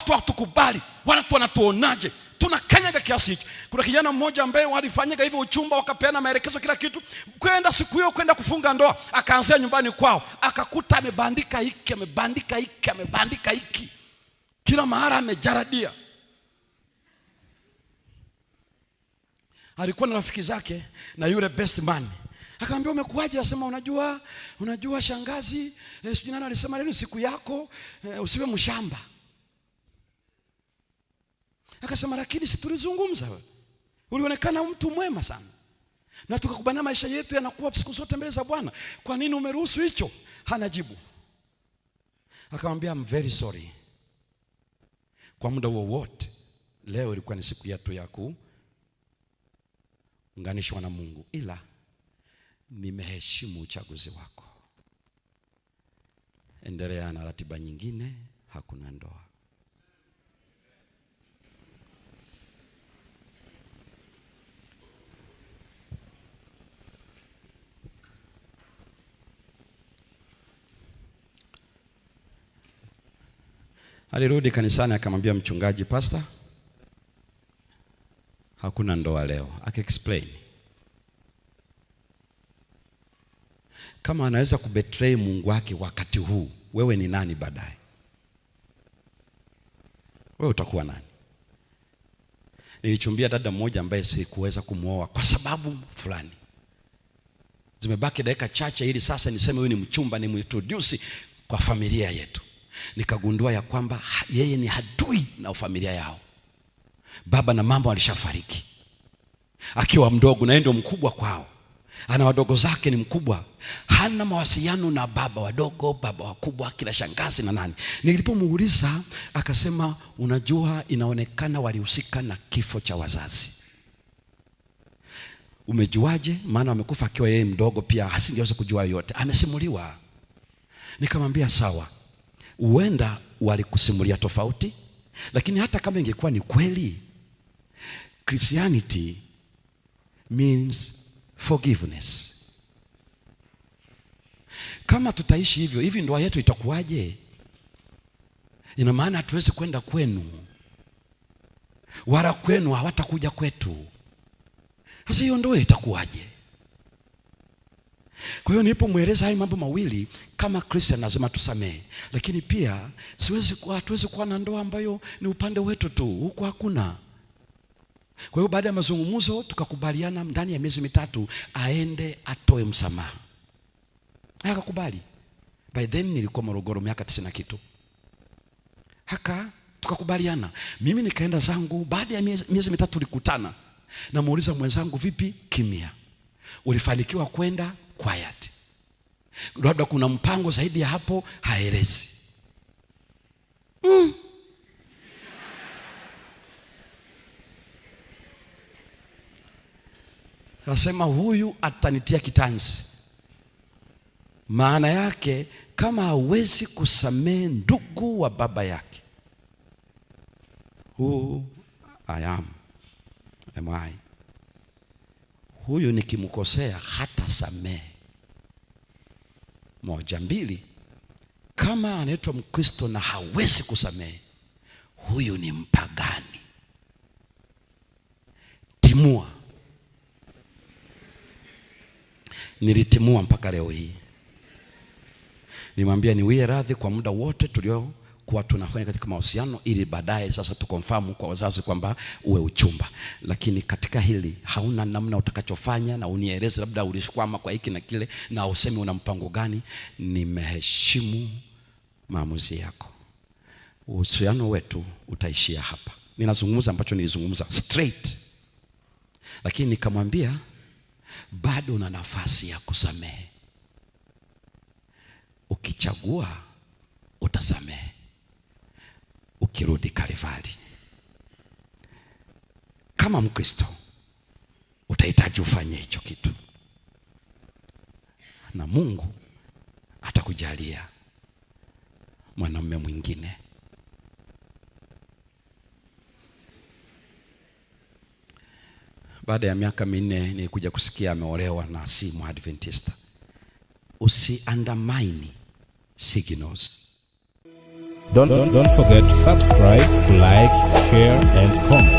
watu hatukubali, watu wanatuonaje? Tuna Tunakanyaga kiasi hicho. Kuna kijana mmoja ambaye walifanyika hivyo uchumba, wakapeana maelekezo, kila kitu, kwenda siku hiyo kwenda kufunga ndoa. Akaanzia nyumbani kwao, akakuta amebandika hiki, amebandika hiki, amebandika hiki, kila mahara amejaradia. Alikuwa na rafiki zake na yule best man Akaambia, umekuwaje? Asema, unajua unajua shangazi, eh, sijui nani alisema leo siku yako, eh, usiwe mshamba. Akasema lakini si tulizungumza wewe. Ulionekana mtu mwema sana. Na tukakubana maisha yetu yanakuwa siku zote mbele za Bwana. Kwa nini umeruhusu hicho? Hana jibu. Akamwambia I'm very sorry. Kwa muda huo wote leo ilikuwa ni siku yetu ya kuunganishwa na Mungu, ila nimeheshimu uchaguzi wako. Endelea na ratiba nyingine, hakuna ndoa. Alirudi kanisani akamwambia mchungaji, pastor, hakuna ndoa leo. Akaexplain kama anaweza kubetray Mungu wake wakati huu, wewe ni nani baadaye? Wewe utakuwa nani? Nilichumbia dada mmoja ambaye sikuweza kumwoa kwa sababu fulani. Zimebaki dakika chache ili sasa niseme huyu ni mchumba, ni nimwintroduce kwa familia yetu nikagundua ya kwamba yeye ni adui na familia yao. Baba na mama walishafariki akiwa mdogo, na yeye ndio mkubwa kwao ana wadogo zake, ni mkubwa, hana mawasiliano na baba wadogo, baba wakubwa, kila shangazi na nani. Nilipomuuliza akasema, unajua, inaonekana walihusika na kifo cha wazazi. Umejuaje? Maana wamekufa akiwa yeye mdogo, pia asingeweza kujua yote, amesimuliwa. Nikamwambia sawa, huenda walikusimulia tofauti, lakini hata kama ingekuwa ni kweli, Christianity means forgiveness. Kama tutaishi hivyo hivi, ndoa yetu itakuwaje? Ina maana hatuwezi kwenda kwenu, wala kwenu hawatakuja kwetu. Sasa hiyo ndoa itakuwaje? Kwa hiyo nilipomweleza haya mambo mawili kama Kristian lazima tusamehe, lakini pia siwezi kuwa, hatuwezi kuwa na ndoa ambayo ni upande wetu tu, huko hakuna. Kwa hiyo baada ya mazungumzo tukakubaliana ndani ya miezi mitatu aende atoe msamaha, akakubali. By then nilikuwa Morogoro miaka tisini na kitu haka tukakubaliana, mimi nikaenda zangu. Baada ya miezi, miezi mitatu tulikutana, namuuliza mwenzangu, vipi, kimya, ulifanikiwa kwenda quiet. Labda kuna mpango zaidi ya hapo, haelezi mm. Nasema huyu atanitia kitanzi. Maana yake kama hawezi kusamehe ndugu wa baba yake, huu I am, am I, huyu nikimkosea hata samehe moja, mbili, kama anaitwa Mkristo na hawezi kusamehe, huyu ni mpagani. Timua, nilitimua mpaka leo hii, nimwambia niwie radhi kwa muda wote tulio kuwa tunafanya katika mahusiano, ili baadaye sasa tukomfamu kwa wazazi kwamba uwe uchumba. Lakini katika hili hauna namna utakachofanya, na unieleze labda ulishikwama kwa hiki na kile, na useme una mpango gani. Nimeheshimu maamuzi yako. Uhusiano wetu utaishia hapa. Ninazungumza ambacho nilizungumza straight, lakini nikamwambia bado una nafasi ya kusamehe. Ukichagua utasamehe ukirudi Kalivari. Kama Mkristo utahitaji ufanye hicho kitu, na Mungu atakujalia mwanamume mwingine. Baada ya miaka minne nilikuja kusikia ameolewa na si Mwadventista. Usiandamaini signals Don't, don't, don't forget to subscribe, like, share and comment.